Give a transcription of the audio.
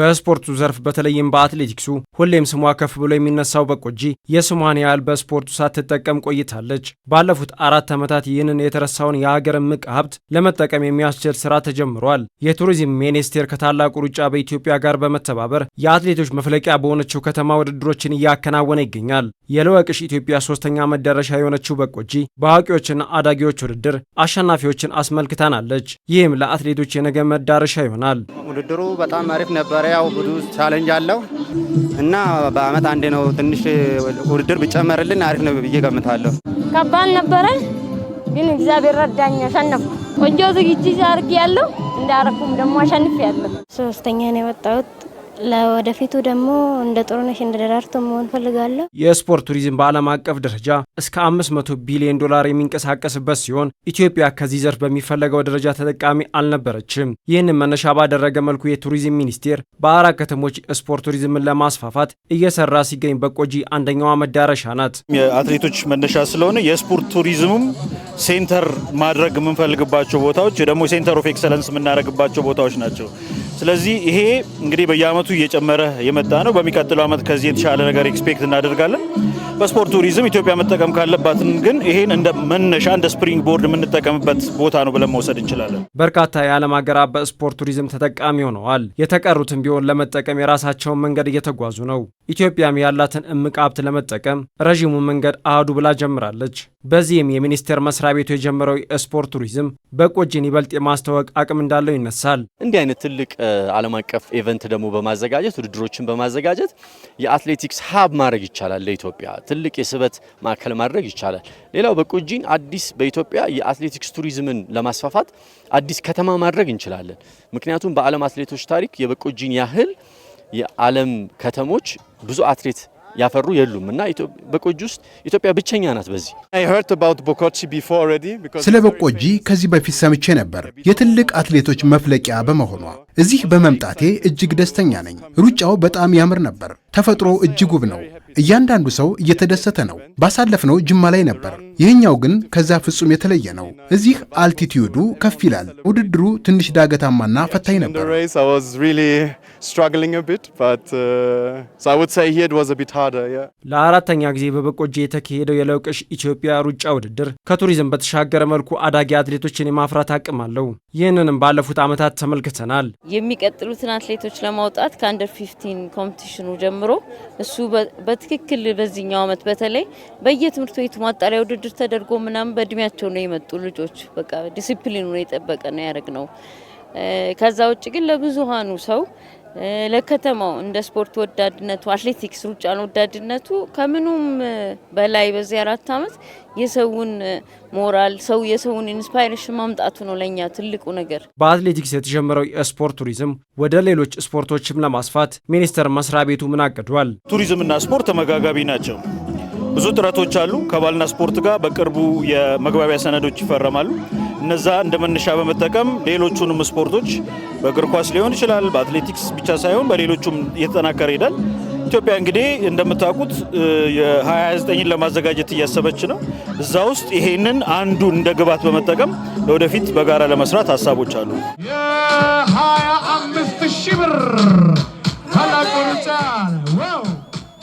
በስፖርቱ ዘርፍ በተለይም በአትሌቲክሱ ሁሌም ስሟ ከፍ ብሎ የሚነሳው በቆጂ የስሟን ያህል በስፖርቱ ሳትጠቀም ቆይታለች። ባለፉት አራት ዓመታት ይህንን የተረሳውን የሀገር እምቅ ሀብት ለመጠቀም የሚያስችል ስራ ተጀምሯል። የቱሪዝም ሚኒስቴር ከታላቁ ሩጫ በኢትዮጵያ ጋር በመተባበር የአትሌቶች መፍለቂያ በሆነችው ከተማ ውድድሮችን እያከናወነ ይገኛል። የለወቅሽ ኢትዮጵያ ሶስተኛ መዳረሻ የሆነችው በቆጂ በአዋቂዎችና አዳጊዎች ውድድር አሸናፊዎችን አስመልክታናለች። ይህም ለአትሌቶች የነገ መዳረሻ ይሆናል። ውድድሩ በጣም አሪፍ ነበረ። ያው ብዙ ቻለንጅ አለው እና በአመት አንዴ ነው። ትንሽ ውድድር ብጨመርልን አሪፍ ነው ብዬ ገምታለሁ። ከባድ ነበረ፣ ግን እግዚአብሔር ረዳኝ፣ አሸነፉ። ቆንጆ ዝግጅት አድርጌ ያለው እንዳረኩም ደግሞ አሸንፍ ያለሁ ሶስተኛ ነው የወጣሁት ለወደፊቱ ደግሞ እንደ ጥሩነሽ እንደ ደራርቱ መሆን ፈልጋለሁ። የስፖርት ቱሪዝም በዓለም አቀፍ ደረጃ እስከ 500 ቢሊዮን ዶላር የሚንቀሳቀስበት ሲሆን ኢትዮጵያ ከዚህ ዘርፍ በሚፈለገው ደረጃ ተጠቃሚ አልነበረችም። ይህንን መነሻ ባደረገ መልኩ የቱሪዝም ሚኒስቴር በአራት ከተሞች ስፖርት ቱሪዝምን ለማስፋፋት እየሰራ ሲገኝ በቆጂ አንደኛዋ መዳረሻ ናት። የአትሌቶች መነሻ ስለሆነ የስፖርት ቱሪዝምም ሴንተር ማድረግ የምንፈልግባቸው ቦታዎች ደግሞ ሴንተር ኦፍ ኤክሰለንስ የምናደርግባቸው ቦታዎች ናቸው። ስለዚህ ይሄ እንግዲህ በየአመቱ እየጨመረ የመጣ ነው። በሚቀጥለው አመት ከዚህ የተሻለ ነገር ኤክስፔክት እናደርጋለን። በስፖርት ቱሪዝም ኢትዮጵያ መጠቀም ካለባትን ግን ይሄን እንደ መነሻ እንደ ስፕሪንግ ቦርድ የምንጠቀምበት ቦታ ነው ብለን መውሰድ እንችላለን። በርካታ የዓለም ሀገራት በስፖርት ቱሪዝም ተጠቃሚ ሆነዋል። የተቀሩትም ቢሆን ለመጠቀም የራሳቸውን መንገድ እየተጓዙ ነው። ኢትዮጵያም ያላትን እምቅ ሀብት ለመጠቀም ረዥሙን መንገድ አህዱ ብላ ጀምራለች። በዚህም የሚኒስቴር መስሪያ ቤቱ የጀመረው የስፖርት ቱሪዝም በቆጂን ይበልጥ የማስተዋወቅ አቅም እንዳለው ይነሳል። እንዲህ አይነት ትልቅ ዓለም አቀፍ ኢቨንት ደግሞ በማዘጋጀት ውድድሮችን በማዘጋጀት የአትሌቲክስ ሀብ ማድረግ ይቻላል። ለኢትዮጵያ ትልቅ የስበት ማዕከል ማድረግ ይቻላል። ሌላው በቆጂን አዲስ በኢትዮጵያ የአትሌቲክስ ቱሪዝምን ለማስፋፋት አዲስ ከተማ ማድረግ እንችላለን። ምክንያቱም በዓለም አትሌቶች ታሪክ የበቆጂን ያህል የዓለም ከተሞች ብዙ አትሌት ያፈሩ የሉም እና በቆጂ ውስጥ ኢትዮጵያ ብቸኛ ናት። በዚህ ስለ በቆጂ ከዚህ በፊት ሰምቼ ነበር። የትልቅ አትሌቶች መፍለቂያ በመሆኗ እዚህ በመምጣቴ እጅግ ደስተኛ ነኝ። ሩጫው በጣም ያምር ነበር። ተፈጥሮ እጅግ ውብ ነው። እያንዳንዱ ሰው እየተደሰተ ነው። ባሳለፍነው ጅማ ላይ ነበር። ይህኛው ግን ከዛ ፍጹም የተለየ ነው። እዚህ አልቲቲዩዱ ከፍ ይላል። ውድድሩ ትንሽ ዳገታማና ፈታኝ ነበር። ለአራተኛ ጊዜ በበቆጂ የተካሄደው የለውቀሽ ኢትዮጵያ ሩጫ ውድድር ከቱሪዝም በተሻገረ መልኩ አዳጊ አትሌቶችን የማፍራት አቅም አለው። ይህንንም ባለፉት ዓመታት ተመልክተናል። የሚቀጥሉትን አትሌቶች ለማውጣት ከአንደር ፊፍቲን ኮምፒቲሽኑ ጀምሮ እሱ በትክክል በዚህኛው ዓመት በተለይ በየትምህርት ቤቱ ማጣሪያ ውድድር ተደርጎ ምናምን በእድሜያቸው ነው የመጡ ልጆች። በቃ ዲሲፕሊኑ የጠበቀ ነው ያደረግ ነው። ከዛ ውጭ ግን ለብዙሃኑ ሰው ለከተማው እንደ ስፖርት ወዳድነቱ አትሌቲክስ ሩጫን ወዳድነቱ ከምኑም በላይ በዚህ አራት አመት የሰውን ሞራል ሰው የሰውን ኢንስፓይሬሽን ማምጣቱ ነው ለእኛ ትልቁ ነገር። በአትሌቲክስ የተጀመረው የስፖርት ቱሪዝም ወደ ሌሎች ስፖርቶችም ለማስፋት ሚኒስቴር መስሪያ ቤቱ ምን አቅዷል? ቱሪዝምና ስፖርት ተመጋጋቢ ናቸው። ብዙ ጥረቶች አሉ። ከባልና ስፖርት ጋር በቅርቡ የመግባቢያ ሰነዶች ይፈረማሉ። እነዛ እንደ መነሻ በመጠቀም ሌሎቹንም ስፖርቶች በእግር ኳስ ሊሆን ይችላል፣ በአትሌቲክስ ብቻ ሳይሆን በሌሎቹም እየተጠናከረ ሄዳል። ኢትዮጵያ እንግዲህ እንደምታውቁት የ29ን ለማዘጋጀት እያሰበች ነው። እዛ ውስጥ ይሄንን አንዱ እንደ ግብዓት በመጠቀም ለወደፊት በጋራ ለመስራት ሀሳቦች አሉ። የ25 ሺህ ብር ታላቁ ሩጫ